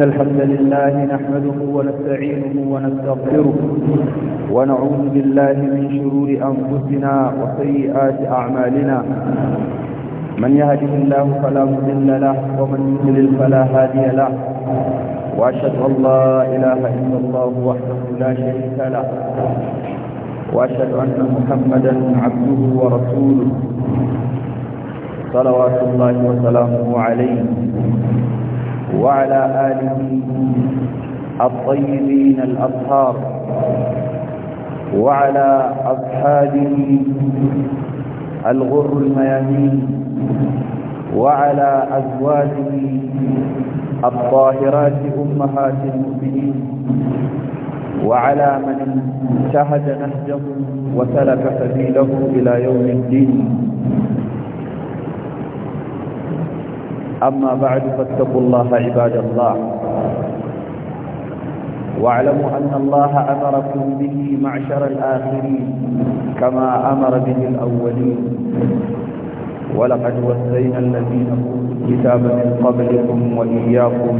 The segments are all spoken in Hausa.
إن الحمد لله نحمده ونستعينه ونستغفره ونعوذ بالله من شرور أنفسنا وسيئات أعمالنا من يهده الله فلا مضل له ومن يضلل فلا هادي له وأشهد أن لا إله إلا الله وحده لا شريك له وأشهد أن محمدا عبده ورسوله صلوات الله وسلامه عليه وعلى آله الطيبين الأطهار وعلى أصحابه الغر الميامين وعلى أزواجه الطاهرات أمهات المؤمنين وعلى من شهد نهجه وسلك سبيله إلى يوم الدين أما بعد فاتقوا الله عباد الله واعلموا أن الله أمركم به معشر الآخرين كما أمر به الأولين ولقد وصينا الذين أوتوا الكتاب من قبلكم وإياكم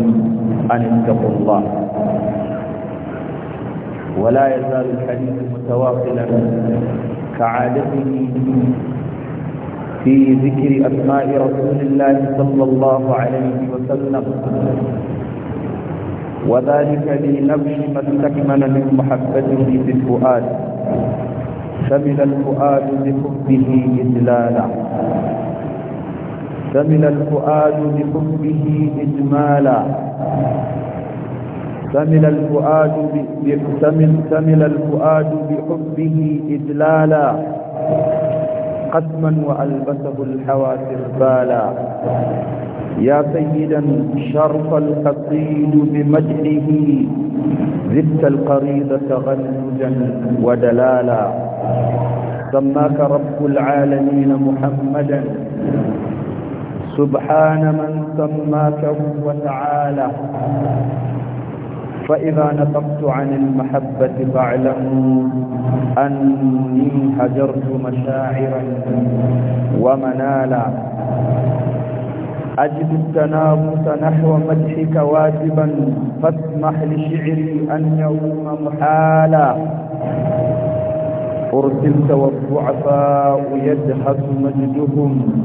أن اتقوا الله ولا يزال الحديث متواصلا كعادته في ذكر أسماء رسول الله صلى الله عليه وسلم وذلك لنبش ما استكمل من محبته في الفؤاد شمل الفؤاد بحبه إجلالا شمل الفؤاد بحبه إجمالا شمل الفؤاد شمل الفؤاد بحبه إجلالا قسما وألبسه الحواسر بالا يا سيدا شرف القصيد بمدحه زدت القريضة غنجا ودلالا سماك رب العالمين محمدا سبحان من سماك وتعالى فإذا نطقت عن المحبة فاعلموا أني هجرت مشاعرا ومنالا أجد التنابس نحو مدحك واجبا فاسمح لشعري أن يوم محالا أرسلت والضعفاء يدهس مجدهم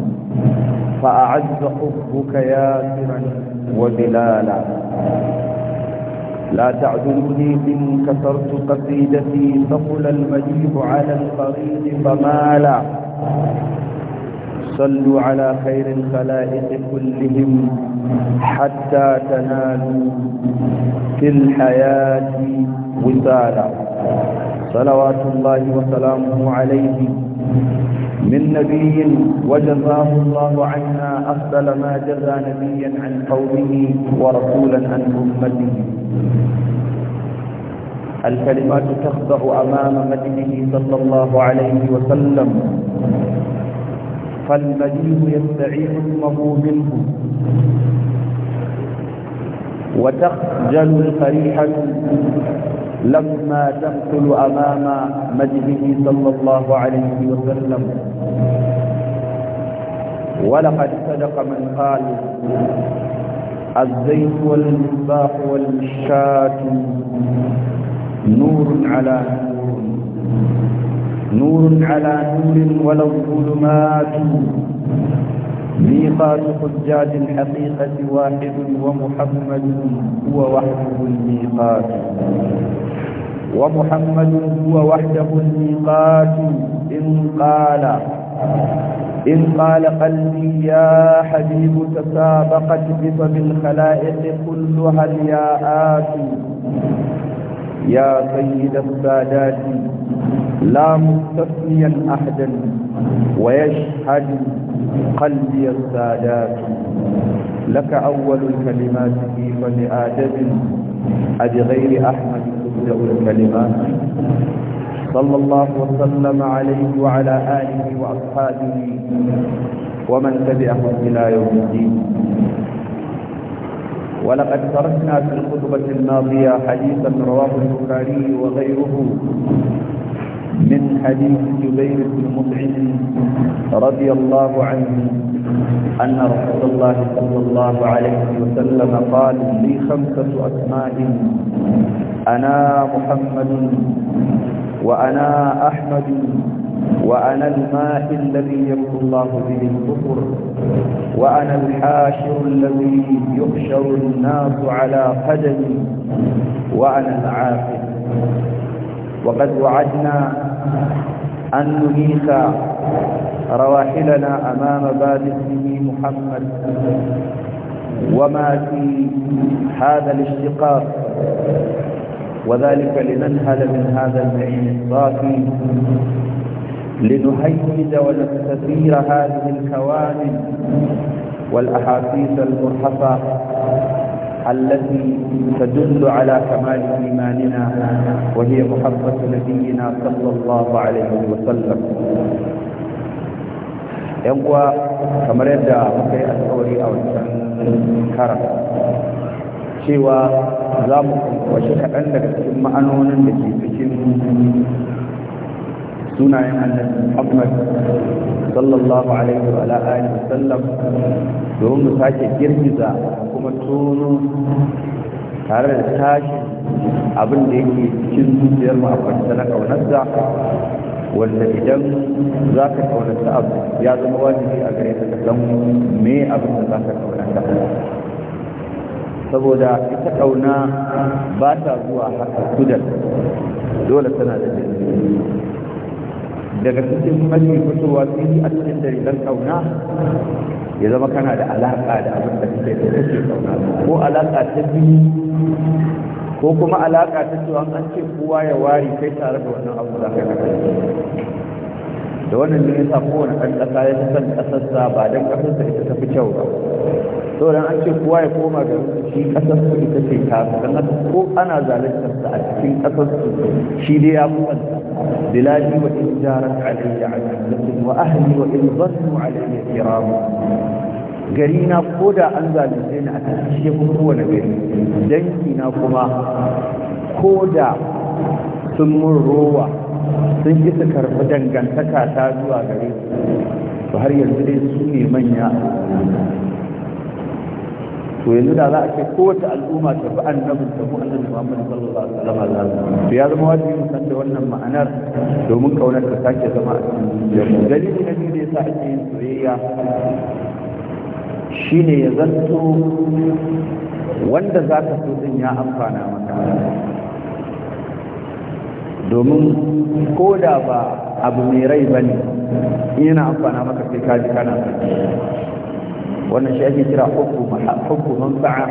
فأعز حبك ياسرا وبلالا لا تعذرني إن كثرت قصيدتي فقل المجيب على الطريق فمالا صلوا على خير الخلائق كلهم حتى تنالوا في الحياة وسالا صلوات الله وسلامه عليه من نبي وجزاه الله عنا أفضل ما جزى نبيا عن قومه ورسولا عن أمته الكلمات تخضع أمام مجده صلى الله عليه وسلم فالمجيد يستعين امه منه وتخجل القريحة لما تقتل أمام مجده صلى الله عليه وسلم ولقد صدق من قال الزيت والمصباح والشاة نور على نور نور على نور ولو الظلمات ميقات حجاج الحقيقة واحد ومحمد هو وحده الميقات ومحمد هو وحده الميقات إن قال إن قال قلبي يا حبيب تسابقت بفم الخلائق كلها الياءات يا سيد السادات لا مستثنيا أحدا ويشهد قلبي السادات لك أول الكلمات كيف لآدم أبغير أحمد تبدأ الكلمات صلى الله وسلم عليه وعلى آله وأصحابه ومن تبعهم إلى يوم الدين ولقد تركنا في الخطبة الماضية حديثا رواه البخاري وغيره من حديث جبير بن مطعم رضي الله عنه أن رسول الله صلى الله عليه وسلم قال لي خمسة أسماء أنا محمد وأنا أحمد وأنا الماء الذي يمحو الله به الكفر وأنا الحاشر الذي يحشر الناس على قدمي وأنا العافر وقد وعدنا أن نميك رواحلنا أمام باب اسمه محمد وما في هذا الاشتقاق وذلك لننهل من هذا النعيم الصافي لنهيج ونستثير هذه الكوامن والأحاسيس المرهفة التي تدل على كمال ايماننا وهي محبه نبينا صلى الله عليه وسلم يقوى كما ردا مكي اتوري او الكرم. سوى زامكم وشكا عندك ثم انون بكي sunayen annabi Muhammad sallallahu alaihi wa alihi wa sallam domin mu sake girgiza kuma tono tare da tashi abin da yake cikin zuciyar mu a kwanta na kaunarsa wanda idan za ka kaunarsa abu ya zama wajibi a gare ka san me abin da za ka kaunarsa saboda ita kauna ba ta zuwa haka kudan dole tana da jirgin daga cikin mafi fitowa yi a cikin dalilan kauna ya zama kana da alaƙa da abin da suke da kake kauna ko alaƙa ta biyu ko kuma alaƙa ta cewa an ce kowa ya wari kai tare da wannan abu za kai da wannan ne yasa kowane ɗan ƙasa ya san ƙasarsa ba don ƙasarsa ita ta fi kyau ba sauran an ce kowa ya koma ga shi kasar su ita ce kasa don haka ko ana zalunta sa a cikin kasar su shi dai ya buwanta biladi wa in jarat alayya azalatun wa ahli wa in zannu alayya kiramu gari na ko da an zalunce ni a cikin kuma kowane gari danki na kuma ko da sun mun rowa sun ki su karɓi dangantaka ta zuwa gari to har yanzu dai su ne manya to yanzu da za a ce kowace al'umma ta bi annabin ta mu annabi Muhammad sallallahu alaihi wasallam to ya zama wajibi mu san da wannan ma'anar domin kaunar ta sake zama a cikin zuciyarmu Dalilin da biyu da yasa ake yin soyayya shine ya zanto wanda za ka so din ya amfana maka domin ko da ba abu mai rai ba ne, yana amfana maka sai ka ji kana wannan shi ake kira hukku manfa'a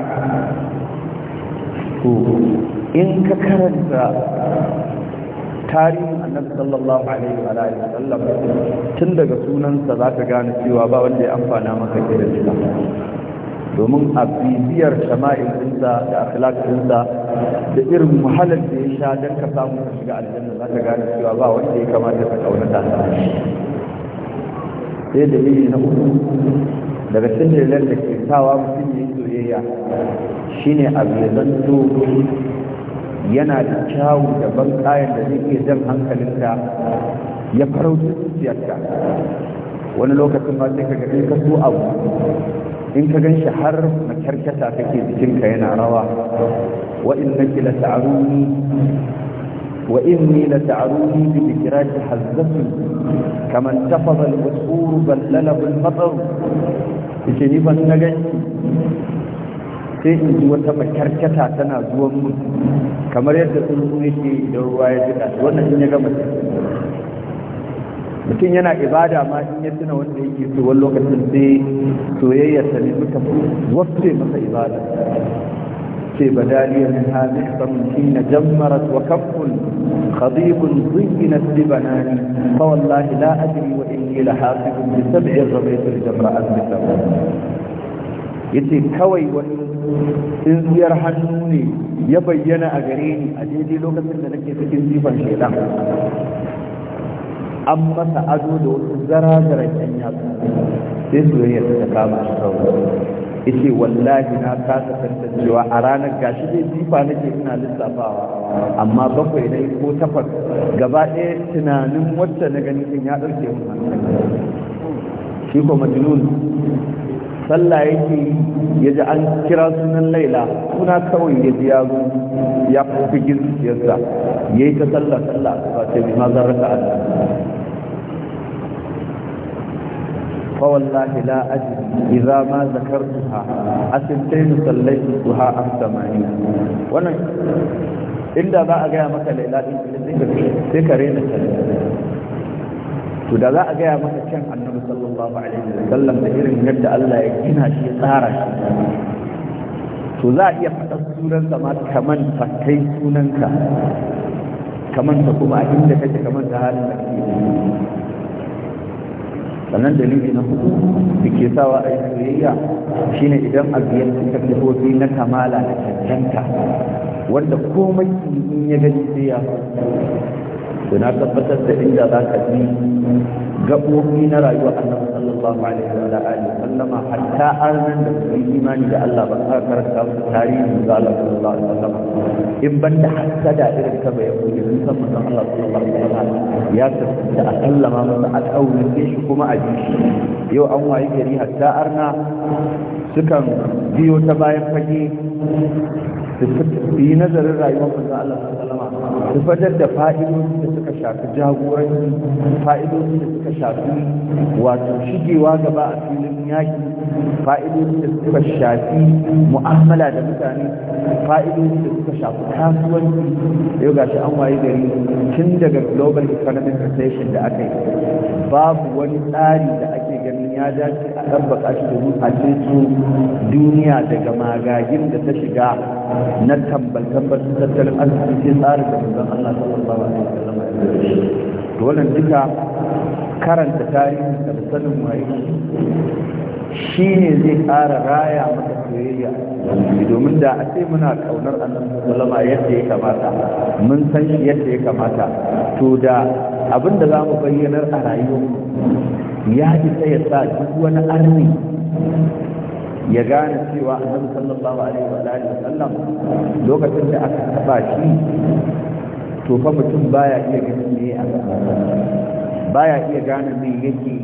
to in ka karanta tarihin annabi sallallahu alaihi wa alihi sallam tun daga sunansa zaka gane cewa ba wanda ya amfana maka da shi domin a bibiyar shama'il dinsa da akhlaq dinsa da irin muhallar da ya sha dan ka samu ka shiga aljanna zaka gane cewa ba wanda ya kamata ka kaunata sai dalili na uku daga cikin dalilan da ke sawa mutum ya soyayya shine abu ya zanto yana da kyawu da ban kayan da zai iya jan hankalinka ya farau da zuciyarka wani lokacin ma sai ka ga ka so abu in ka gan shi har makyarkyata kake jikinka yana rawa wa innaki la ta'aruni wa inni la ta'aruni bi dhikrati hazzati kaman tafaza al-wasfur ballalahu al-matar yake ni ban na gani sai in ji wata makarkata tana zuwan mu kamar yadda tsuntsu yake da ruwa ya jika wannan in ya gama mutum yana ibada ma in ya tuna wanda yake so wani lokacin sai soyayyarsa ne suka wafce masa ibada sai badaliya min hadis tamkin jammarat wa kaffun khadib zinna libanani fa wallahi la adri wa inni la hasib bi sab'i rabit al jamra al bisab yace kawai wani sun hannu ne ya bayyana a gare ni a daidai lokacin da nake cikin jifan shaidan an masa ado da wasu zara zara kyan sai su yi ya ta kama shi kawai yake wallahi na kasa tantancewa a ranar gashi zai jifa nake ina lissafawa amma bakwai dai ko takwas gaba ɗaya tunanin wacce na gani in ya ɗauke mun shi ko majnun sallah yake ya ji an kira sunan laila suna kawai ya ji ya zo ya fi gizciyarsa ya yi ta sallah sallah ba sai ma zarata Allah فوالله لا أجد إذا ما ذكرتها أسنتين صليتها أم ثمانين وانا inda za a gaya maka lailatin sai ka to da za a gaya maka can annabi sallallahu alaihi wasallam da irin yadda Allah ya gina shi tsara shi to za a iya faɗa sunansa ma kaman fakai sunanka kaman ta kuma a inda kake kaman ta halin da sannan dalili na hudu da ke sawa a soyayya shine idan a ta cika na kamala da cancanta wanda komai in ya gani sai ya to na tabbatar da inda za ka bi gaɓoɓi na rayuwa annabi sallallahu alaihi wa alihi sallama hatta arnan da suka yi imani da Allah ba ka karanta musu tarihi. da Allah sallallahu alaihi wasallam in ban da hasada irin ka bai yi sun san mutum Allah sallallahu alaihi wasallam ya tabbata a sallama masa a ɗaure shi kuma a jishi yau an wayi gari hatta arna sukan biyo ta bayan fage su yi nazarin rayuwar manzon Allah sallallahu alaihi wasallam zubatar da fa'idodi da suka shafi jagoranci fa'idodi da suka shafi wato shigewa gaba a filin yaki fa'idodi da suka shafi mu'amala da mutane fa'idodi da suka shafi kasuwanci yau ga shi an waye gari tun daga global economic recession da aka yi babu wani tsari da ake ya dace a ɗabbaka shi domin a cikin duniya daga magagin da ta shiga na tambal-tambal tattalin arziki sai tsarin da manzon Allah sallallahu alaihi wasallam to wannan duka karanta tarihi da sanin waye shi ne zai ƙara raya maka soyayya domin da a ce muna ƙaunar annabi sallama yadda ya kamata mun san shi yadda ya kamata to da abin da za mu bayyanar a rayuwar ya isa ya sa duk wani arni ya gane cewa annabi sallallahu alaihi wa alihi wasallam lokacin da aka taba shi to fa mutum baya iya ganin me aka baya iya gane me yake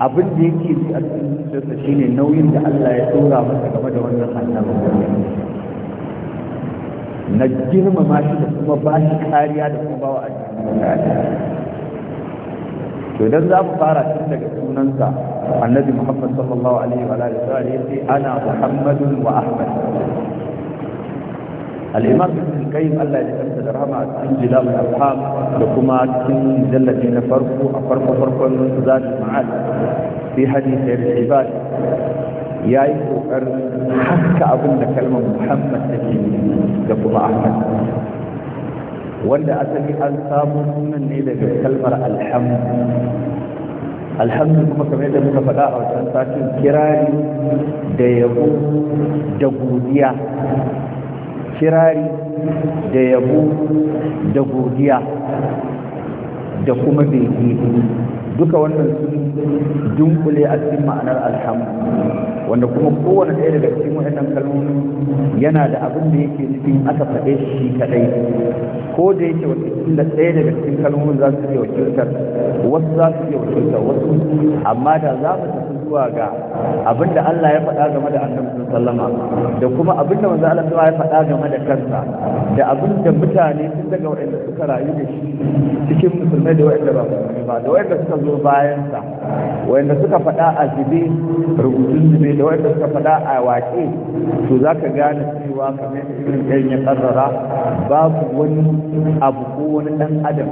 abin da yake ji a cikin zuciyarsa shine nauyin da Allah ya dora masa game da wannan annabi na girmama shi da kuma ba shi kariya da kuma bawa a cikin kariya to idan za mu fara tun daga sunansa annabi muhammad sallallahu alaihi wa alihi wa sai ana muhammadun wa ahmad al-imam ibn qayyim Allah ya tsara da rahama a cikin jilal al-afham da kuma cikin jallabi na farko a farko farkon zat ma'al fi hadith al ya yi kokarin haska abin da kalmar muhammad take da kuma ahmad wanda asali an samu sunan ne daga kalmar alhamdu alhamdu kuma kamar yadda muka faɗa a wasan satin kirari da yabo da godiya kirari da yabo da godiya da kuma bege duka wannan sun dunkule a cikin ma'anar alhamdu wanda kuma kowane ɗaya daga cikin waɗannan kalmomi yana da abin da yake cikin aka faɗe shi kaɗai ko da yake wakilcin da ɗaya daga cikin kalmomin za su iya wakiltar wasu za su iya wakiltar wasu amma da za mu zuwa ga abinda Allah ya faɗa game da annabi sallama da kuma abinda manzo Allah ya faɗa game da kansa da abinda mutane sun daga waɗanda suka rayu da shi cikin musulmai da waɗanda ba musulmai ba da waɗanda suka zo bayan sa waɗanda suka faɗa a zube rubutun zube da waɗanda suka faɗa a waƙe to zaka gane cewa kamar irin ɗan ya karrara babu wani abu ko wani ɗan adam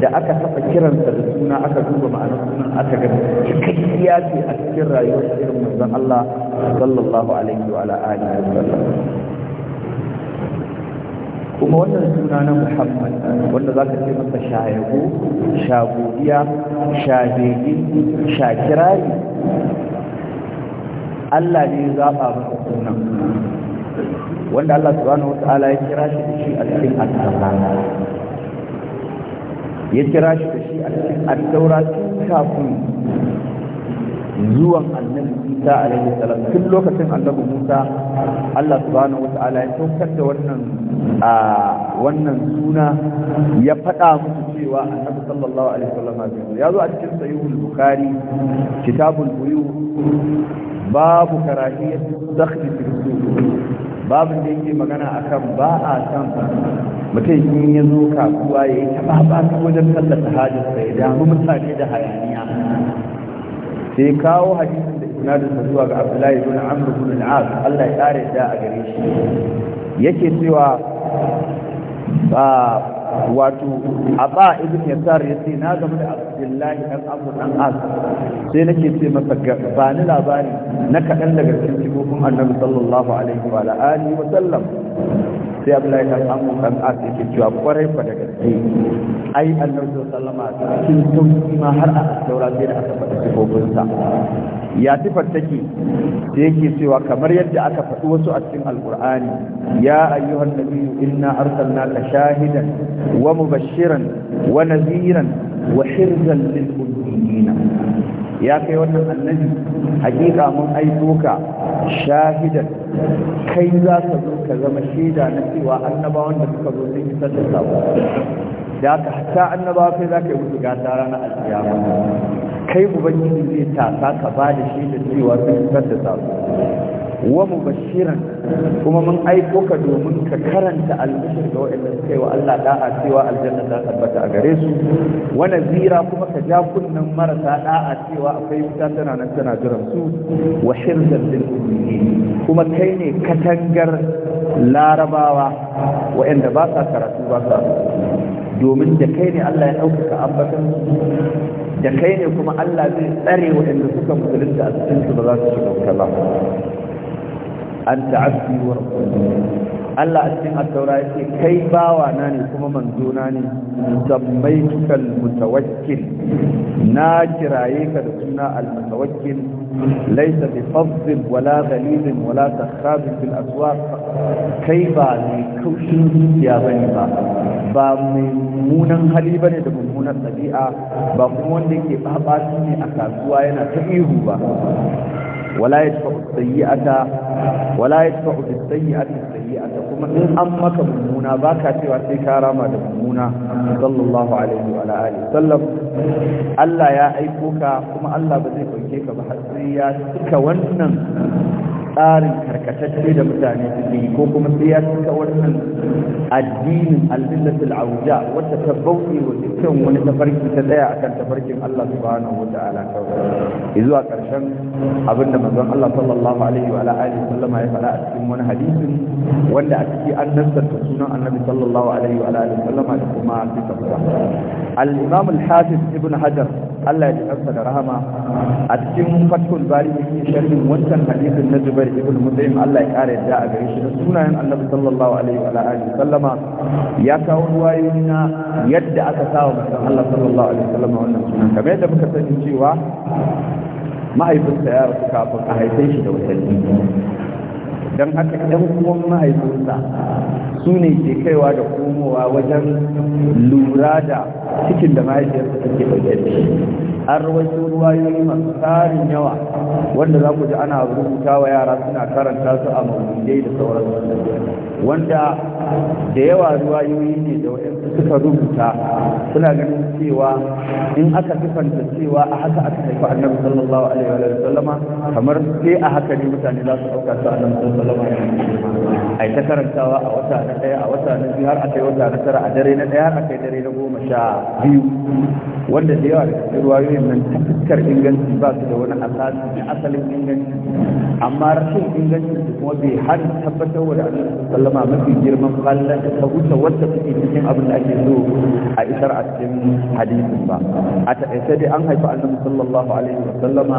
da aka taɓa kiransa da suna aka duba ma'anar sunan aka ga cikakkiya ce a cikin rayuwar irin manzon Allah sallallahu alaihi wa alihi wa sallam kuma wannan suna na Muhammad wanda za ka ce masa shayago shagodiya shahegi shakirari Allah ne ya zaɓa masa sunan wanda Allah subhanahu wa ta'ala ya kira shi da shi a cikin al ya kira shi da shi a cikin addaura tun kafin zuwan annabi isa alaihi salam tun lokacin annabi musa allah subhanahu wa ta'ala ya saukar da wannan a wannan suna ya faɗa musu cewa annabi sallallahu alaihi wasallam ya zo a cikin sayyidul bukhari kitabul buyu babu karahiyat dakhli fi Babu da yake magana akan ba a san mutum in ya zo kasuwa ya yi ta ba wajen tallata hajjarsa ya damu mutane da hayaniya sai kawo hadisin da isnadinsa zuwa ga abdullahi ibn amr ibn al-as Allah ya kare da a gare shi yake cewa ba wato aba ibn yasar ya ce na game da abdullahi dan amr dan as sai nake ce masa ba ni labari na kaɗan daga cikin sifofin annabi sallallahu alaihi wa alihi wa sallam sai abdullahi kan amu kan as cewa kwarai fa daga gaske ai annabi sallama cikin tauki ma har a saura sai da aka faɗi sifofinsa ya sifar take da yake cewa kamar yadda aka faɗi wasu a cikin alqur'ani ya ayyuhan nabiyyu inna arsalnaka shahidan wa mubashiran wa nadhiran wa hirzan lil ummiyina ya kai wannan annabi hakika mun aiko ka shahidan kai za ka zo ka zama shaida na cewa annabawan da suka zo sun isar da sabo da haka hatta annabawa kai za ka yi musu gata ranar alkiyama kai ubangiji zai tasa ka ba da shaidar cewa sun isar da sabo wa mubashiran kuma mun aiko ka domin ka karanta albishir ga waɗanda suka yi wa Allah da'a cewa aljanna ta tabbata a gare su wa nazira kuma ka ja kunnan marasa da'a cewa akwai wuta tana nan tana jiran su wa hirzan lil kuma kai ne katangar larabawa waɗanda ba sa karatu ba sa domin da kai ne Allah ya ɗaukaka ambatan da kai ne kuma Allah zai tsare waɗanda suka musulunta a cikin su ba za su shiga wuta ba anta abdi wa Allah a cikin attaura ya ce kai bawa na ne kuma manzona ne sammai tukal mutawakkil na kiraye ka da suna al-mutawakkil laisa bi fadl wala ghalil wala takhab fil aswaq kai ba ne kaushin zuciya bane ba ba mai munan hali bane da mummunan tabi'a ba kuma wanda ke babaci ne a kasuwa yana ta ihu ba wala yadfa'u sayyi'ata wala yadfa'u bis-sayyi'ati sayyi'ata kuma in an maka mummuna baka cewa sai ka rama da mummuna sallallahu alaihi wa alihi sallam Allah ya aiko ka kuma Allah ba zai dauke ka ba har sai ya cika wannan tsarin karkatacce da mutane suke yi ko kuma sai ya cika wannan addinin albillatul auja wanda ta bauɗe wa dukkan wani tafarki ta tsaya akan tafarkin Allah subhanahu wata'ala kawai zuwa ƙarshen abin da manzon Allah sallallahu alaihi wa alihi sallama ya faɗa a cikin wani hadisin wanda a ciki an nassarta sunan annabi sallallahu alaihi wa alihi sallama da kuma sifarsa al-imam al-hafiz ibn hajar Allah ya ji da rahama a cikin fatul bari yake sharhin wancan hadisin na Zubair jubair ibn Muslim Allah ya kare da a gare shi da sunayen annabi sallallahu alaihi wa alihi sallama ya kawo ruwayoyi na yadda aka sawa manzon Allah sallallahu alaihi wa sallama wannan sunan kamar yadda muka sani cewa mahaifinsa ya rasu kafin a haife shi da watanni dan haka ɗan uwan mahaifinsa su ne ke kaiwa da komowa wajen lura da cikin da mahaifiyarsa take ɗauke da shi an rawaito ruwayoyi masu tarin yawa wanda za ku ji ana rubuta wa yara suna karanta su a maulidai da sauransu wanda da yawa ruwayoyi ne da waɗansu suka rubuta suna ganin cewa in aka sifanta cewa a haka aka haifa annabi sallallahu alaihi wa sallama kamar sai a haka ne mutane za su ɗauka su annabi sallallahu alaihi wa sallama ai ta karantawa a wata na ɗaya a wata na biyu har aka yi wata na tara a dare na ɗaya har aka yi dare na goma sha biyu wanda da yawa da ruwayoyi wajen nan ta inganci ba su da wani asasi na asalin inganci amma rashin inganci su kuma bai har tabbatar wa da sallama mafi girman kwallo da ta wuce wadda suke cikin abin da ake so a isar a cikin hadisin ba a taƙaice dai an haifi annabi sallallahu alaihi wa sallama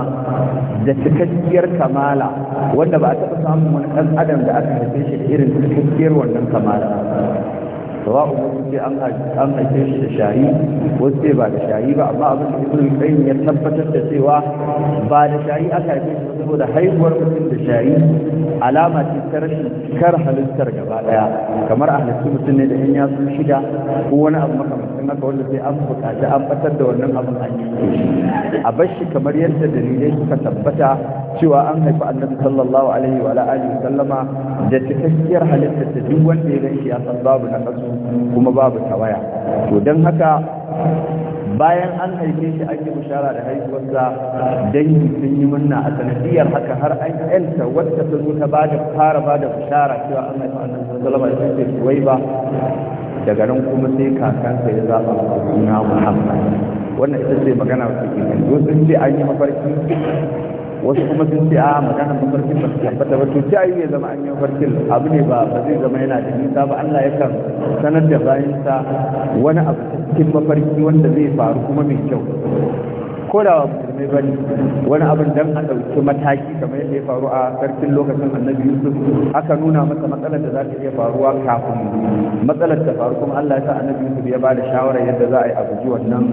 da cikakkiyar kamala wanda ba a taɓa samun wani ɗan adam da aka haife shi da irin cikakkiyar wannan kamala sawa'u wasu ce an haife shi da shayi wasu ce ba da shayi ba amma abin da ibn qayyim ya tabbatar da cewa ba da shayi aka haife shi saboda haihuwar mutum da shayi alama ce ta rashin kar halittar gaba daya kamar a halittu mutum ne da in ya su shida ko wani abu makamancin haka wanda sai an buƙaci an batar da wannan abin an yi a bar shi kamar yadda dalilai suka tabbata cewa an haifi annabi sallallahu alaihi wa alihi sallama da cikakkiyar halittar da duk wanda ya ganshi ya san babu na kasu kuma babu tawaya to dan haka bayan an haife shi an yi bishara da haihuwarsa dangi sun yi murna a sanadiyar haka har an yanta wadda ta zo ta ba da fara ba da bishara cewa an haifi annabi sallallahu alaihi wa alihi suwai ba daga nan kuma sai kakansa ya zaɓa suna muhammad wannan ita ce magana wata ke kan sun ce an yi mafarki wasu kuma sun ce a ah, magana mafarkin ba su tabbata ba to ta yi ya zama an yi mafarkin abu ne ba ba zai zama yana da nisa ba Allah ya kan sanar da bayansa wani abu cikin mafarki wanda zai faru kuma mai kyau ko da musulmai wani abin dan a ɗauki mataki kamar yadda ya faru a sarkin lokacin annabi yusuf aka nuna masa matsalar da za ta iya faruwa kafin matsalar ta faru kuma allah ya sa annabi yusuf ya ba da shawarar yadda za a yi a guji wannan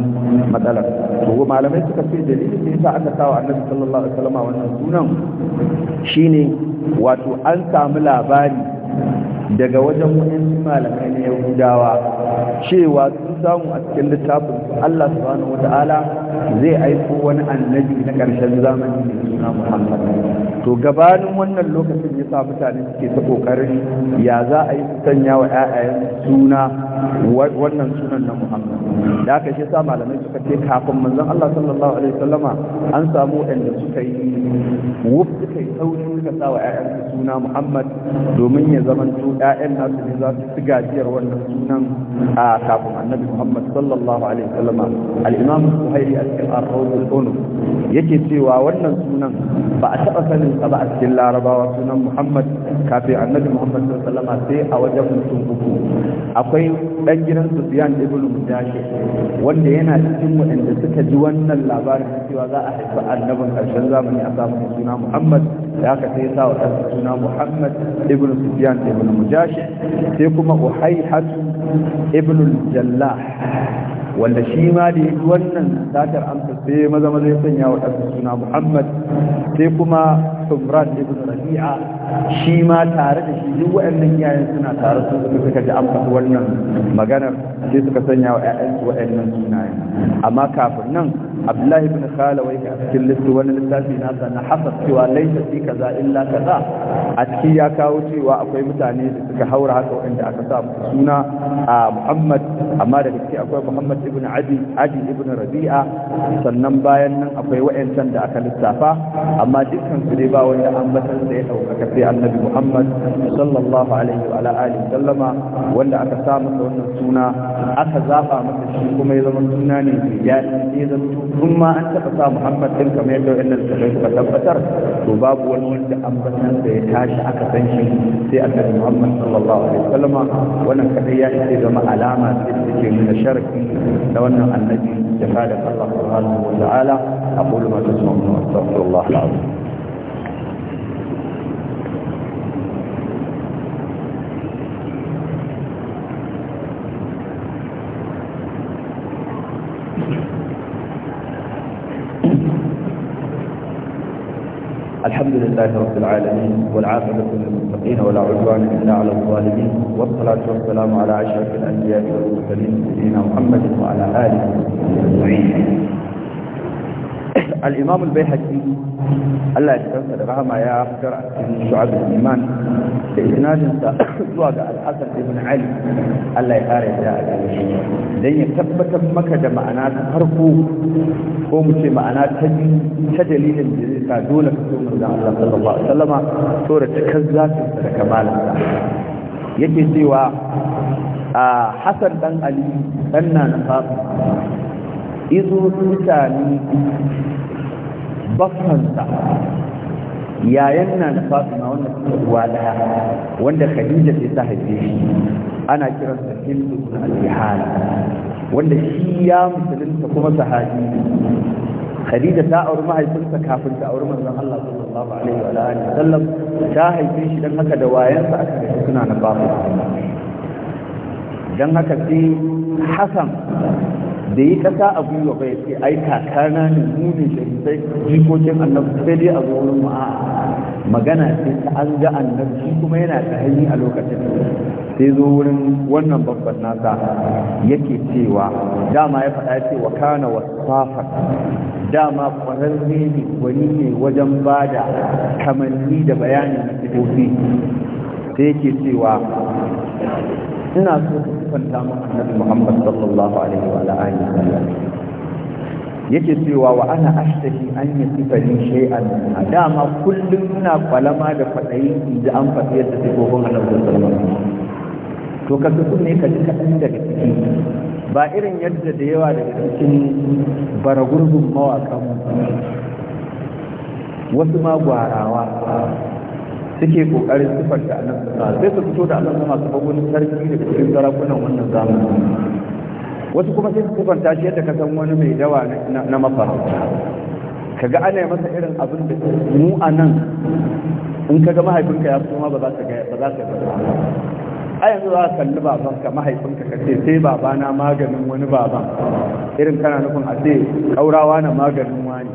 matsalar to malamai suka ce dalilin da yasa aka sa wa annabi sallallahu alaihi wasallam wannan sunan shine wato an samu labari daga wajen waɗansu malamai na yahudawa cewa sun samu a cikin littafin Allah subhanahu wata'ala zai aiko wani annabi na ƙarshen zamani da suna Muhammad to gabanin wannan lokacin ya sa mutane suke ta ƙoƙarin ya za a yi sanya wa ƴaƴayen suna wannan sunan na Muhammad da aka shi sa malamai suka ce kafin manzon Allah sallallahu alaihi wasallama an samu wanda suka yi wuf suka yi saurin suka sa wa ƴaƴansu suna Muhammad domin ya zamanto ƴaƴan nasu ne za su gajiyar wannan sunan a kafin annabi muhammad sallallahu alaihi wasallam al-imam suhaili a cikin yake cewa wannan sunan ba a taɓa sanin sa ba a cikin larabawa sunan muhammad kafin annabi muhammad sallallahu alaihi wasallam sai a wajen mutum uku akwai dan gidan sufyan ibn mujashi wanda yana cikin waɗanda suka ji wannan labarin cewa za a haifi annabin ƙarshen zamani a samun suna muhammad da aka sai sa wa ɗansa suna muhammad ibn sufyan ibn mujashi sai kuma uhaihatu ibn jalla wanda shi ma da yi wannan satar amsa sai maza maza ya sanya wa ɗansa suna muhammad sai kuma sumran ibn rabi'a shi ma tare da shi duk waɗannan yayan suna tare su suka suka ji amsa wannan maganar sai suka sanya wa 'ya'yansu waɗannan sunayen amma kafin nan abdullahi bin khalawai a cikin listi wani littafi nasa na hasas cewa laisa fi kaza illa kaza a ciki ya kawo cewa akwai mutane da suka haura haka wanda aka sa suna a muhammad amma da gaske akwai muhammad ibn adi adi ibn rabi'a sannan bayan nan akwai wa'ancan da aka lissafa amma dukkan su dai ba wanda an batar da ya ɗaukaka sai annabi muhammad sallallahu alaihi wa alihi sallama wanda aka sa masa wannan suna aka zaba masa shi kuma ya zama suna ne mai yaɗi ya zama in ma an taɓa sa muhammad ɗin kamar yadda wa'annan sahabbai suka tabbatar to babu wani wanda ambatan da ya tashi aka san shi sai annabi muhammad sallallahu alaihi wasallama wannan kadai ya ce zama alama ce da take nuna sharaki na wannan annabi da fadar allah subhanahu wa ta'ala aqulu ma tasma'un wa astaghfirullah alazim لله رب العالمين والعاقبة للمتقين ولا عدوان إلا على الظالمين والصلاة والسلام على أشرف الأنبياء والمرسلين سيدنا محمد وعلى آله وصحبه أجمعين al-imam al-baihaqi Allah ya tsanta da rahama ya fitar a cikin shu'ab da isnadin zuwa ga al-hasan ibn ali Allah ya kare da alƙalmi dan ya tabbatar maka da ma'ana ta ko mu ce ta dalilin da zai sa dole ka da cewa a dan ali mutane baffansa yayan na na fatima wanda suka uwa daya wanda khadija ce ta haife shi ana kiransa hindu na al wanda shi ya ta kuma sahabi khadija ta auri mahaifinsa kafin ta auri manzon Allah sallallahu alaihi wa alihi sallam. ta haife shi dan haka da wayansa aka haife suna na babu. dan haka sai Hassan da yi kasa a gwiwa bai sai ai kakana ne da sai jikokin annabi sai dai a zo wurin magana sai ta an ga annabi kuma yana ta hanyi a lokacin sai zo wurin wannan babban nasa yake cewa dama ya faɗa ce wa kana wasafa dama kwararre ne wani ne wajen ba da kamanni da bayanin na sai yake cewa ina so ka sifanta mu annabi Muhammad sallallahu alaihi wa alihi wa sallam yake cewa wa ana ashtahi an yi yasifani shay'an dama kullum muna kwalama da fadayi da an faɗi yadda sifofin annabi sallallahu alaihi wa sallam to ka su ne ka ji kaɗan daga ciki ba irin yadda da yawa daga cikin baragurgun mawakan wasu ma gwarawa suke kokarin da annabta sai su fito da annabta masu wani sarki da cikin sarakunan wannan zamani wasu kuma sai su kufanta shi yadda ka san wani mai dawa na Ka kaga ana yi masa irin abin da mu a nan in kaga mahaifinka ya kuma ba za ka ga ba za ka ga a yanzu za ka kalli babanka mahaifinka ka ce sai babana maganin wani baban irin kana nufin a ce kaurawa na maganin wani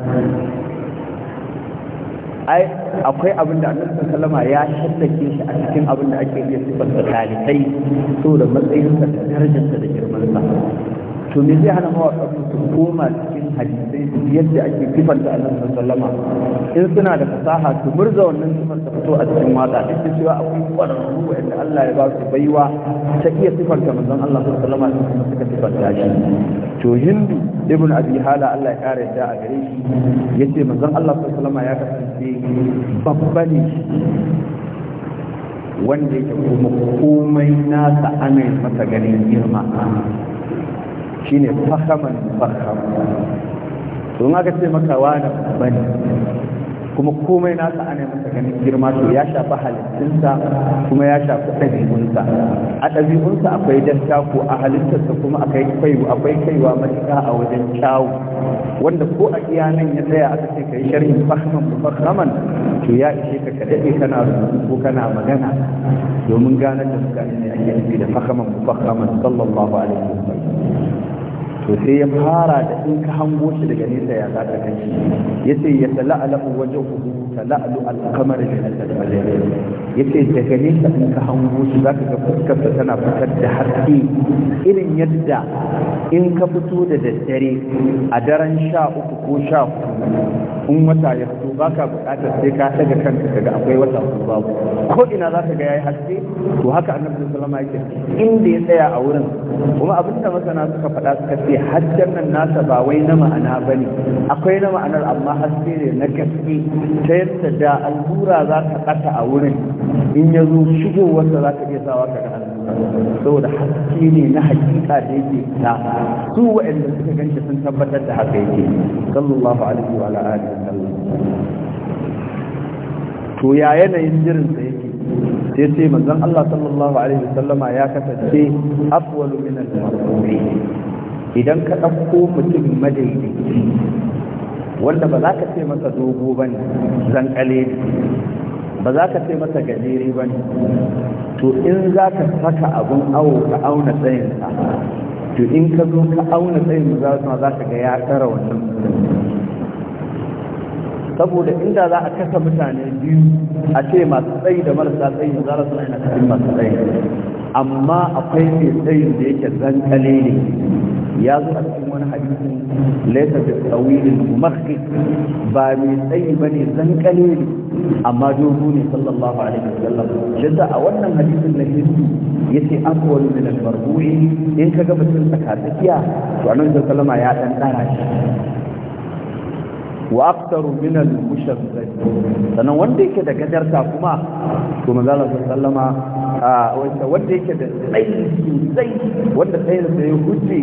ai akwai abin da annabi sallama ya shaddake shi a cikin abin da ake iya sifar da talibai so da matsayin sa da darajar da girman sa to me zai hana mawaƙa su koma cikin hadisai su yadda ake kifanta annabi sallama in suna da fasaha su murza wannan sifar ta fito a cikin waƙa duk da cewa akwai ƙwararru wanda Allah ya ba su baiwa ta iya sifanta manzon Allah sallama in kuma suka sifanta shi to Hindu ibn Abi Hala Allah ya kare da a gare shi yace manzon Allah sallama ya kasance babba ne wanda yake kuma komai nasa ana masa ganin girma Shi ne fahaman faham to aka ce maka wani bane kuma komai nasa ana masa ganin girma to ya shafi halittunsa kuma ya shafi ɗabi'unsa a ɗabi'unsa akwai ko a halittarsa kuma akwai kaiwa akwai kaiwa matuƙa a wajen kyawu wanda ko a iya nan ya tsaya aka ce kai sharhin fahman mufahhaman to ya ishe ka ka daɗe kana rubutu ko kana magana domin ganar da mutane ne ake nufi da fahman mufahhaman sallallahu alaihi sallam to sai ya fara da in ka hango shi daga nesa ya zaka ganshi yace ya wajen wajhuhu tala'lu al-qamar min al-majid yace daga nesa in ka hango shi zaka ga fuskar ta tana fitar da haske irin yadda in ka fito da daddare a daren sha uku ko sha hudu in wata ya fito baka bukatar sai ka daga kanka daga akwai wata ko babu ko ina zaka ga yayi haske to haka annabi sallallahu alaihi wasallam yake inda ya tsaya a wurin kuma abinda masana suka faɗa suka ce hajjan nan nasa ba wai na ma'ana bane akwai na ma'anar amma haske ne na gaske ta yadda da allura za ta ƙata a wurin in ya zo shigowarsa za ka iya sawa ka ga allura saboda haske ne na hakika da yake ta. su waɗanda suka ganshi sun tabbatar da haka yake sallallahu alaihi wa alihi wa sallam to ya yanayin jirinsa yake sai sai manzon Allah sallallahu alaihi sallama ya kasance afwalu min al-marfu'i idan ka dauko mutum madaidaici wanda ba za ka ce masa dogo ba ne zankale ba za ka ce masa gajere ba ne to in za ka saka abin awo ka auna tsayinsa to in ka zo ka auna tsayin za ka ga ya tara wannan saboda inda za a kasa mutane biyu a ce masu tsayi da marasa tsayi za yi na cikin masu tsayi amma akwai mai tsayin da yake zankale ne ya zo a cikin wani hadisi, laisa da tsawilin makhi ba mai tsayi ba ne zan zankale ne amma dogo ne sallallahu alaihi wasallam yadda a wannan hadisin na hindu ya ce an kowa min al-marbu'i in ka ga mutum tsakatsakiya to annabi sallallahu alaihi wasallam ya dan dana shi wa aktaru min al-mushaffaq sannan wanda yake da gadarta kuma to manzala sallama a wanda yake da tsayi sosai wanda tsayin sa ya huce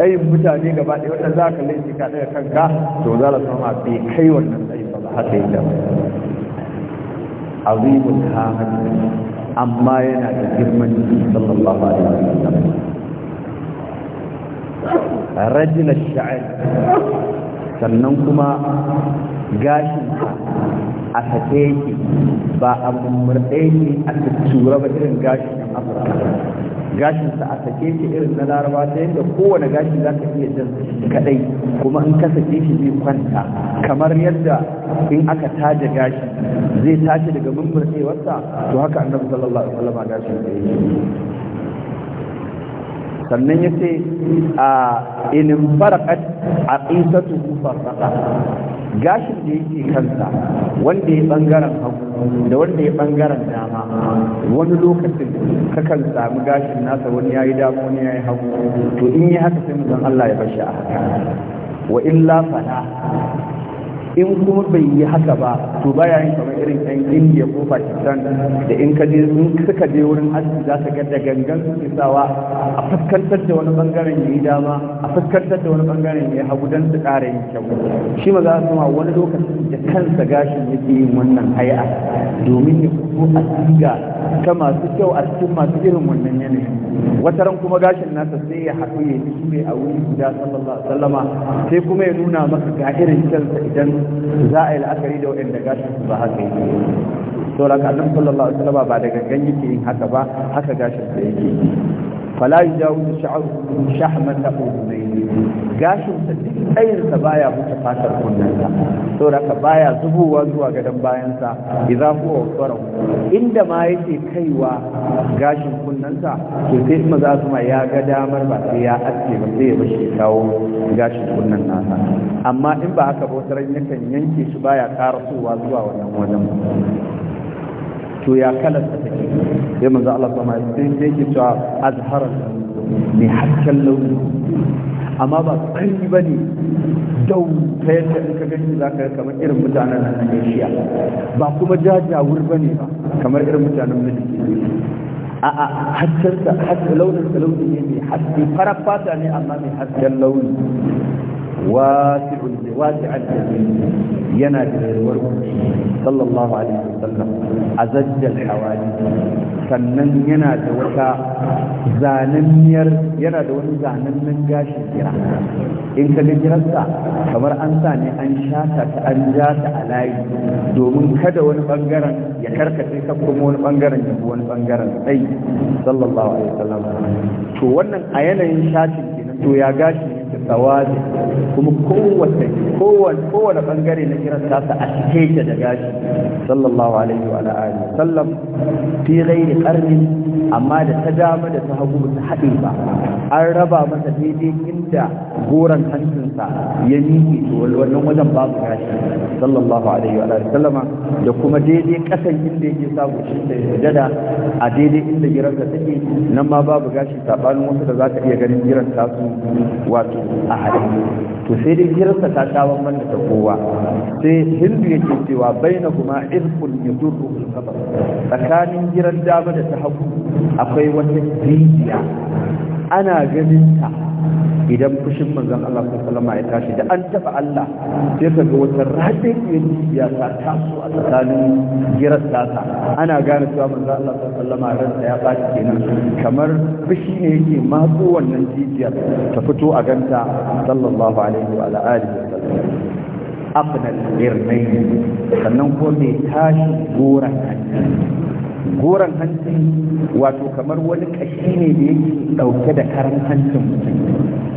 tsayin mutane gaba ɗaya wanda za ka laifi ka daga kanka to manzala sallama bai kai wannan tsayi ba haka yake azimul hamd amma yana da girman sallallahu alaihi wasallam rajul ash-sha'r sannan kuma gashinka a sake yake ba a murɗe ne a tura ba irin gashin afirka gashinsa a sake yake irin na laraba ta yadda kowane gashi za ka iya jan kadai. kuma in ka sake shi zai kwanta kamar yadda in aka taje gashi zai tashi daga wasa, to haka annabi sallallahu alaihi wasallam gashin da sannan ya ce a inin farakat a ƙisatu farfasa gashin da yake kansa wanda ya ɓangaren hagu da wanda ya ɓangaren dama wani lokacin kakan samu gashin nasa wani ya yi dama wani ya yi hagu to in yi haka sai mu san Allah ya bashi a haka wa illa fala in kuma bai yi haka ba to baya yin kamar irin yan indiya ko pakistan da in ka je in suka je wurin aji za ka ga da gangan su sawa a fuskantar da wani bangaren ya yi dama a fuskantar da wani bangaren ya yi hagu don su ƙara yin kyau shi ma za su ma wani lokacin da kansa gashin yake yin wannan hay'a domin ya fito a tsiga ta masu kyau a cikin masu irin wannan yanayi ran kuma gashin nasa sai ya haɗu ya yi a wuri guda sallallahu alaihi wasallama sai kuma ya nuna maka ga irin kyansa idan za a yi la'akari da waɗanda gashin su ba haka yi to raka annabi sallallahu ba da gangan yake yin haka ba haka gashin su yake fala yujawizu sha'ruhu shahmata udunayhi gashin sa duk tsayin sa baya wuce fatar kunnansa saboda haka baya zubowa zuwa gadon bayan sa idan huwa wasara inda ma yake kaiwa gashin kunnansa to sai maza kuma ya ga damar ba sai ya aske ba sai ya bashi kawo gashin kunnan nasa amma in ba haka ba wataran yakan yanke shi baya karasowa zuwa wannan wajen to ya kalarsa take sai manzo Allah sama sai yake cewa azharar ne hakkan launi amma ba tsari ba ne dau ta yadda in ka gani za ka kamar irin mutanen nan Asia ba kuma jajawur ba ne ba kamar irin mutanen Madina a'a hasken launin launin ne mai haske farar fata ne amma mai hasken launi wasi'an jami'i yana da yalwar sallallahu alaihi wasallam azajjal hawali sannan yana da wata zananniyar yana da wani zanannen gashin jira. in ka ga kirarsa kamar an sa ne an shata ta an ja ta a layi domin kada wani bangaren ya karkace ka kuma wani bangaren ya wani bangaren tsayi sallallahu alaihi wasallam to wannan a yanayin shatin to ya gashi da tsawazi kuma kowace kowane bangare na kiran tasa a cike ta da gashi sallallahu alaihi wa alihi sallam fi ghairi qarni amma da ta dama da ta hagu ta haɗe ba an raba masa daidai inda goran hancinsa ya miƙe wannan wajen babu gashi sallallahu alaihi wa sallama da kuma daidai kasan inda yake samu shi da sujada a daidai inda girarsa take nan ma babu gashi sabanin wasu da zaka iya ganin girar tasu wato a haɗe to sai dai girarsa ta sha bamban da ta kowa sai hindu yake cewa baina kuma irkul yadurru al-qabr tsakanin jiran dama da ta hagu akwai wata rijiya ana ganin ta idan fushin manzon Allah sallallahu salama ya tashi da an taba Allah sai ka ga wata rabin ya ta taso a tsakanin girar tasa ana gane cewa manzon Allah salama a ransa ya baci kenan kamar fushi ne yake masu wannan jijiyar ta fito a ganta sallallahu alaihi wa alihi wa sallam afnal birnai sannan ko mai tashi goran hanyar goron hanci wato kamar wani kashi ne da yake dauke da karan hancin mutum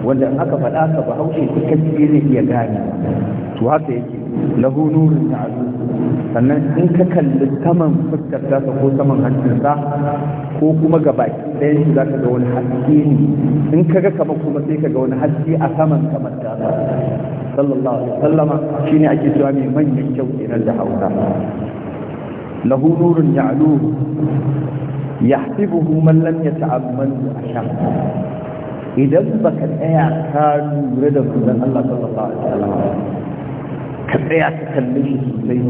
wanda aka faɗa ka ba haushe cikakke zai iya gane to haka yake lahu nurin ta'alu sannan in ka kalli saman fuskar ta ko saman sa ko kuma ga baki ɗayan shi zaka ga wani haske ne in ka ga kamar kuma sai ka ga wani haske a saman kamar ta sallallahu alaihi wasallama shine ake cewa mai manyan kyau kenan da hausa ya نور ya يحسبه من لم يتعمد أشم إذا بك الآية كان يريد أن الله صلى الله عليه وسلم ka tsaya ka kalli shi sosai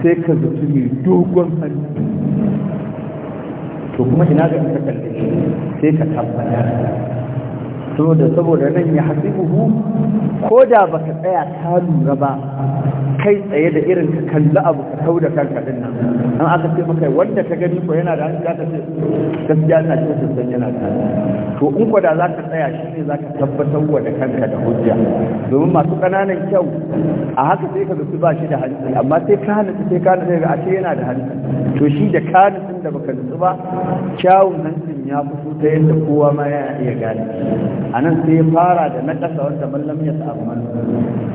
sai ka zaci mai dogon hannu to kuma ina ga ka kalle sai ka tabbata saboda saboda nan ya buhu ko da baka tsaya ta lura ba kai tsaye da irin ka kalli abu ka kau da kanka din nan an aka ce maka wanda ka gani ko yana da hankali ka ce gaskiya na ce sun san yana da to in ko da za ka tsaya shi ne za ka tabbatar wa da kanka da hujja domin masu ƙananan kyau a haka sai ka ga ba shi da hankali amma sai ka hana sai ka hana a ce yana da hankali to shi da ka hana da baka nutsu ba kyawun hancin ya fito ta yadda kowa ma yana iya gane a nan sai ya fara da na ƙasa wanda mallam ya ta'ammal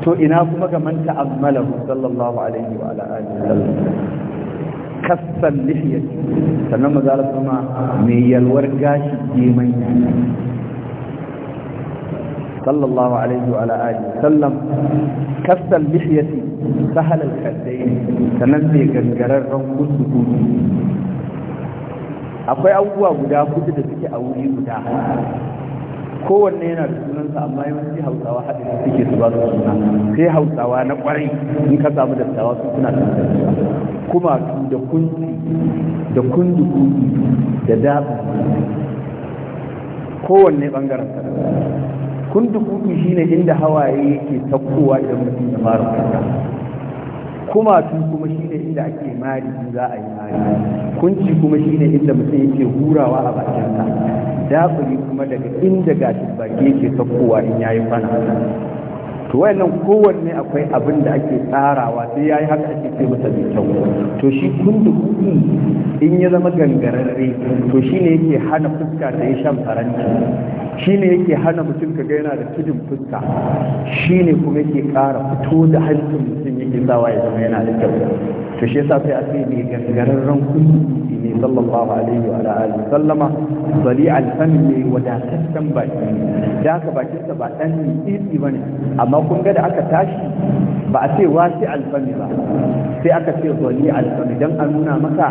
to ina kuma ga man ta'ammalahu sallallahu alaihi wa ala alihi sallam kassan lihiyar sannan mazala kuma me yalwar gashi jimai sallallahu alaihi wa ala alihi sallam kassan lihiyar sahalar kaddai sannan mai gangararren kusu akwai abubuwa guda kudu da suke a wuri guda kowanne yana da sunansa amma yawanci hausawa haɗin da suke su ba su suna sai hausawa na ƙwarai in ka samu dattawa su suna da kuma da kunci da kunduku da daɓa kowanne ɓangaren kunduku shine inda hawaye yake saukowa idan mutum ya fara kumatu kuma shi ne inda ake mari in za a yi mari kunci kuma shi ne inda mutum yake hurawa a bakinsa dafuri kuma daga inda shi baki ke sakkowa in yi fana to wayannan kowanne akwai abin da ake tsarawa sai yayi haka ake ce masa mai kyau to shi da kudi in ya zama gangararre to shi ne yake hana fuska da ya shan faranti ne yake hana mutum ka gaina da tudun fuska shi ne kuma yake ƙara fito da hancin mutum yake sawa ya zama yana da kyau to shi yasa sai ake ce ne gangararren kuɗi ne sallallahu alaihi wa alihi sallama bali alfan ne wadataccen baki da haka bakinsa ba ɗan tsitsi bane amma kun ga da aka tashi ba a ce wasi alfami ba sai aka ce bali alfami dan a nuna maka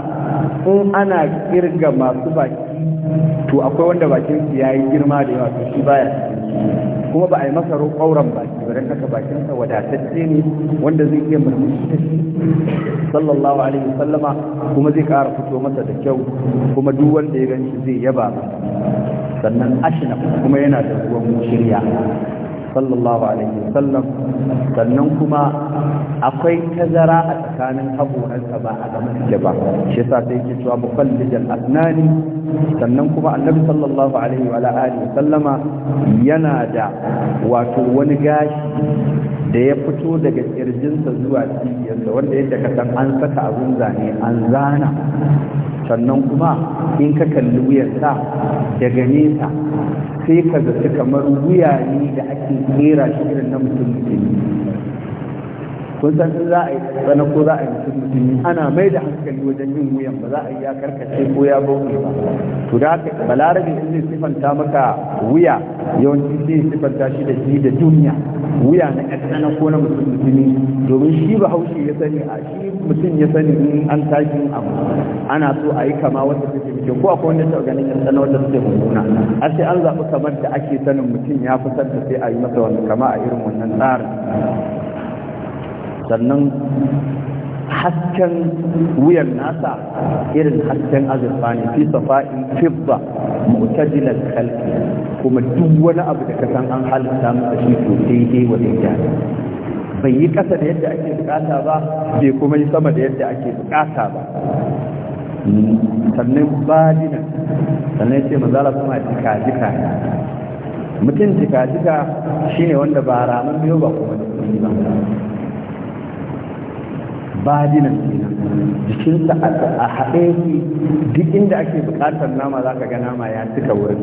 in ana kirga masu baki to akwai wanda bakin su yayi girma da yawa to shi baya kuma ba a yi masa roƙauran baki ba don haka bakinsa wadatacce ne wanda zai iya murmushi da shi sallallahu alaihi wasallama kuma zai ƙara fito masa da kyau kuma duk wanda ya gan shi zai yaba sannan ashina kuma yana da ruwan shirya sallallahu alaihi wasallam sannan kuma akwai tazara a tsakanin haƙoransa ba a gama suke ba shi sa sai yake cewa mufallijal asnani sannan kuma annabi sallallahu alaihi wa alihi wasallama yana da wato wani gashi da ya fito daga kirjinsa zuwa cibiyarsa wanda yadda ka san an saka abun zane an zana sannan kuma in ka kalli wuyarsa daga nesa sai ka zaci kamar wuya ne da ake kera shi irin na mutum mutum kun san in za a yi tsana ko za a yi mutum mutumi? ana mai da hankali wajen yin wuyan ba za a yi ya karkace ko ya bauke ba to da haka balarabe in zai sifanta maka wuya yawanci sai ya sifanta shi da shi da duniya wuya na ƙasana ko na mutum mutumi. domin shi ba haushi ya sani a shi mutum ya sani in an tashi abu ana so a yi kama wanda suke mutum ko akwai wanda ta ganin ƙasana wanda suke mummuna a sai an zaɓi kamar da ake sanin mutum ya fi da sai a yi masa wani kama a irin wannan tsarin sannan hasken wuyan nasa irin hasken azurfa ne fi safa'in fibba mu'tajilan khalqi kuma duk wani abu da ka an halitta masa shi to daidai wa daidai bai yi kasa da yadda ake bukata ba bai kuma yi sama da yadda ake bukata ba sannan badina sannan ce mazala kuma jika-jika mutum jika-jika shine wanda ba ramin biyo ba kuma da ba badinan Jikin jikinsa a haɗe duk inda ake buƙatar nama za ka ga nama ya cika wurin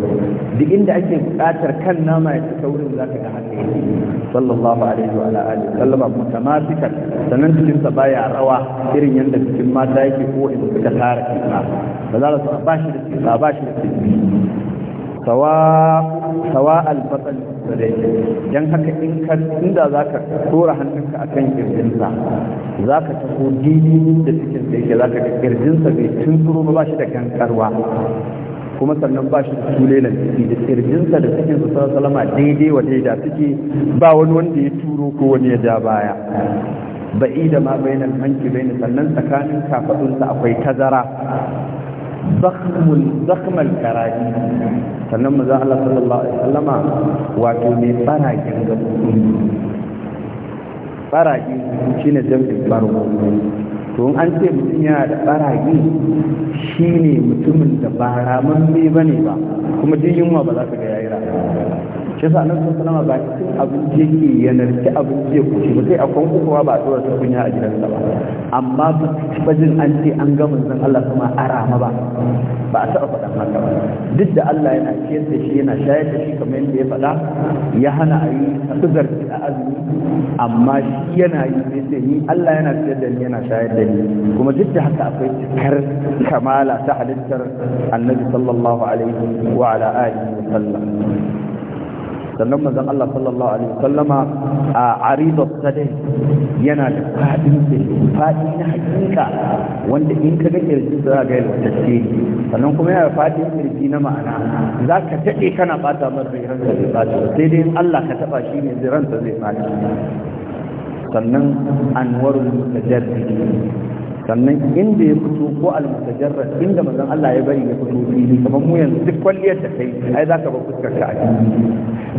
duk inda ake buƙatar kan nama ya cika wurin za ka ga haka yake sallallahu alaihi wa alihi sallama mutamatikan jikin sa baya rawa irin yadda jikin mata yake ko in suka tara kisa ba za su ba shi da kisa ba shi da kisa sawa sawa al-fatal da daidai don haka in ka inda za ka tura hannunka a kan ƙirjinsa, za ka taho daidai da cikin da yake za ka ga ƙirjinsa bai tunturo ba ba shi da kankarwa kuma sannan ba shi da na ciki da ƙirjinsa da cikin su salama daidai wa daida suke ba wani wanda ya turo ko wani ya ja baya ba'i da ma bainan hanki bainan sannan tsakanin kafadunsa akwai tazara zakhmul zakhmal karaji sannan manzo Allah sallallahu alaihi wasallama wato ne farajin gabu faragi shine jam'in farko to in an ce mutum yana da faragi shine mutumin da ba ramin bane ba kuma duk yunwa ba za ka ga yayi rayuwa shi yasa annabi sallallahu alaihi wasallam ba abin da yake yanarci da ya kuce ba sai akwai kuwa ba a tsora ta kunya a gidan ba amma ba jin an ce an ga manzon Allah kuma arama ba ba a taɓa faɗa haka ba duk da Allah yana ciyar da shi yana shayar da shi kamar yadda ya faɗa ya hana a yi tuzar a azumi amma shi yana yi sai sai ni Allah yana ciyar da ni yana shayar da ni kuma duk da haka akwai cikar kamala ta halittar annabi sallallahu alaihi wa ala alihi wa sallam sannan mazan Allah sallallahu alaihi wasallama a arido sadai yana da fadin faɗi na hakika wanda in ka ga kirji za ga yalwa ta sannan kuma yana da faɗi kirji na ma'ana za ka taɗe kana bata masa ran da zai bata sai dai Allah ka taba shi ne zai ransa zai bata sannan anwarul mutajarrid sannan inda ya fito ko almutajarra inda mazan Allah ya bari ya fito fili kamar mu yanzu duk kwalliyar da kai ai za ka ba fuskar ka a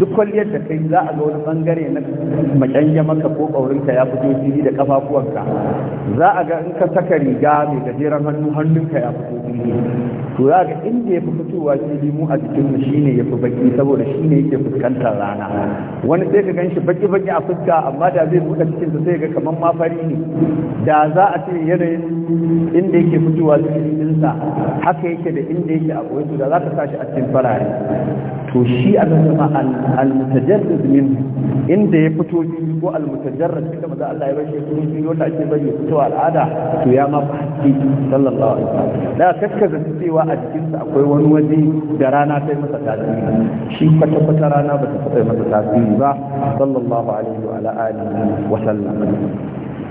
duk kwalliyar da kai za a ga wani bangare na makyange maka ko ƙaurinka ya fito fili da ka. za a ga in ka saka riga mai gajeren hannu hannunka ya fito fili to za ga inda ya fi fitowa fili mu a jikin mu shine ya fi baki saboda shine yake fuskantar rana wani sai ka ganshi baki baki a fuska amma da zai buɗe cikin sai ga kamar ma fari ne da za a ce yanayin inda yake fitowa cikin dinsa haka yake da inda yake a koyi da za ka sa shi a cikin farare to shi a nan zama al-mutajarrid min inda ya fito ko al-mutajarrid duka maza Allah ya bashi ya fito biyu wanda ake bari ya fito al'ada to ya ma fahimci sallallahu alaihi wasallam da kakkaza cewa a jikinsa akwai wani waje da rana sai masa tasiri shi kwata-kwata rana ba ta masa tasiri ba sallallahu alaihi wa alihi wa sallam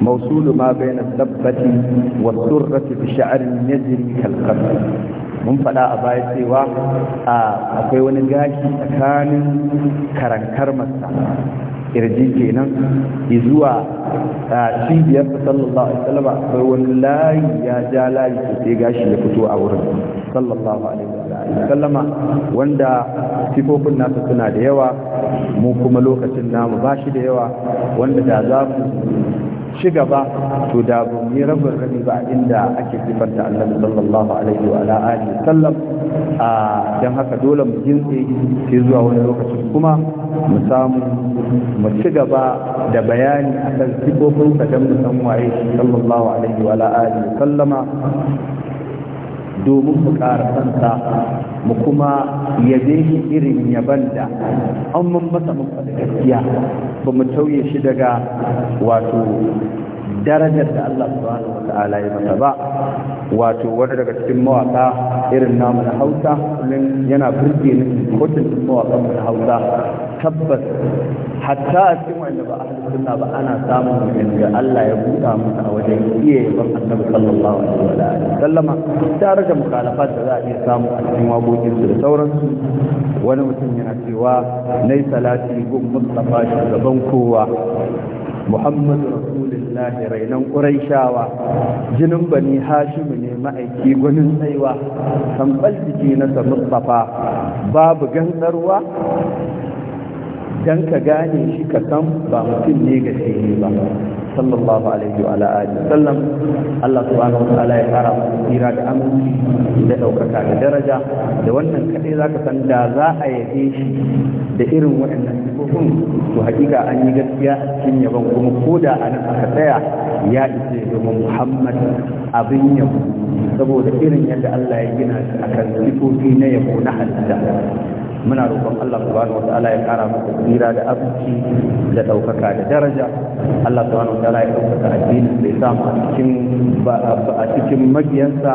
موصول ما بين الثبة والسرة بشعر يجري كالقصر mun faɗa a baya cewa akwai wani gashi tsakanin karankar masa kirji kenan zuwa cibiyar sallallahu alaihi wasallam akwai wani layi ya ja layi sai gashi ya fito a wurin sallallahu alaihi wasallam wanda sifofin nasa suna da yawa mu kuma lokacin namu ba shi da yawa wanda da za mu ci gaba to da ba mu rabar rabi ba inda ake sifanta annabi sallallahu alaihi wa alihi sallam a dan haka dole mu jinsi sai zuwa wani lokaci. kuma mu samu mu ci gaba da bayani akan sifofin sa dan mu san waye sallallahu alaihi wa alihi sallama domin mu ƙara sansa mu kuma yabe shi irin yaban da an mun masa mun gaskiya ba mu tauye shi daga wato darajar da Allah subhanahu wa ta'ala ya mata ba wato wani daga cikin mawaka irin namu na Hausa kullum yana burge ni kotun mawakan mu na Hausa tabbas hatta a cikin wanda ba ahli sunna ba ana samun yadda Allah ya buɗa musu a wajen iya yaban Annabi sallallahu alaihi wa sallama tare da mukhalafat da za a iya samu a cikin waƙoƙin su da sauransu wani mutum yana cewa nai salati gun Mustafa shugaban kowa Muhammadu Rasulullah lillahi rainan ƙuraishawa jinin bani hashimu ne ma'aiki gwanin tsaiwa tambal jiki na sa mustafa babu gantsarwa dan ka gane shi ka san ba mutum ne ga ne ba sallallahu alaihi wa alihi sallam Allah subhanahu wa ta'ala ya fara tsira da aminci da daukaka da daraja da wannan kadai zaka san da za a yabe shi da irin waɗannan sifofin to hakika an yi gaskiya cikin yaban kuma koda a nan aka tsaya ya isa ga Muhammad abin yabo saboda irin yadda Allah ya gina shi akan sifofi na yabo na halitta muna roƙon Allah subhanahu wa ta'ala ya kara maka tsira da abinci da ɗaukaka da daraja Allah subhanahu wa ta'ala ya ɗaukaka addinin da ya samu a cikin a cikin mabiyansa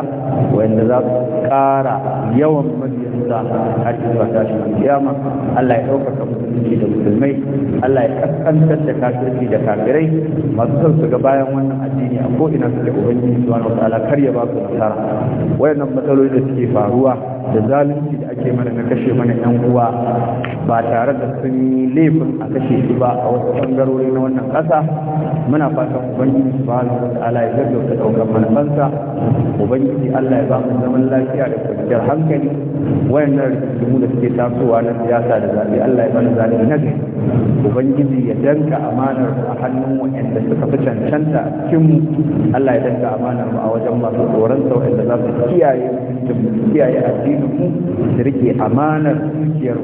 wanda za su ƙara yawan mabiyansa har zuwa tashin kiyama Allah ya ɗaukaka musulunci da musulmai Allah ya kaskantar da kafirci da kafirai masu son su ga bayan wannan addini a koina ina suke ubangiji subhanahu wa ta'ala kar ya ba su nasara wayannan matsaloli da suke faruwa da zalunci da ake mana na kashe mana yan uwa ba tare da sun yi laifin a kashe su ba a wasu bangarori na wannan ƙasa muna fatan ubangiji subhanahu wataala ya gaggauta daukar manufansa ubangiji Allah ya ba mu zaman lafiya da kwanciyar hankali wayannan rikicinmu da suke tasowa na siyasa da zaɓe Allah ya bani zaɓe na gari ubangiji ya danka amanar a hannun wa'anda suka fi cancanta a cikinmu Allah ya danka amanar mu a wajen masu tsoron sa da za su kiyaye kiyaye addini addinin mu da rike amanar dukiyar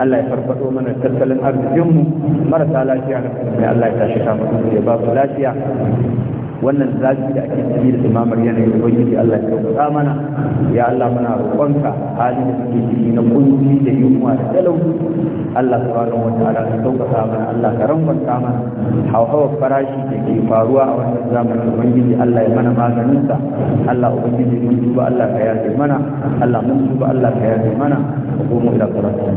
Allah ya farfado mana tattalin arzikin mu marasa lafiya na kuma Allah ya tashi kama ya ba su lafiya wannan zafi da ake ciki da imamar yanayin ubangiji Allah ya kauka mana ya Allah muna roƙonka halin da suke ciki na kunci da yunwa da talau. Allah subhanahu wa ta'ala ka kauka mana Allah ka rangwanta mana hawa farashi da ke faruwa a wannan zamanin ubangiji Allah ya mana maganinsa Allah ubangiji mun duba Allah ka yaje mana Allah mun duba Allah ka yaje mana ko mun da karatu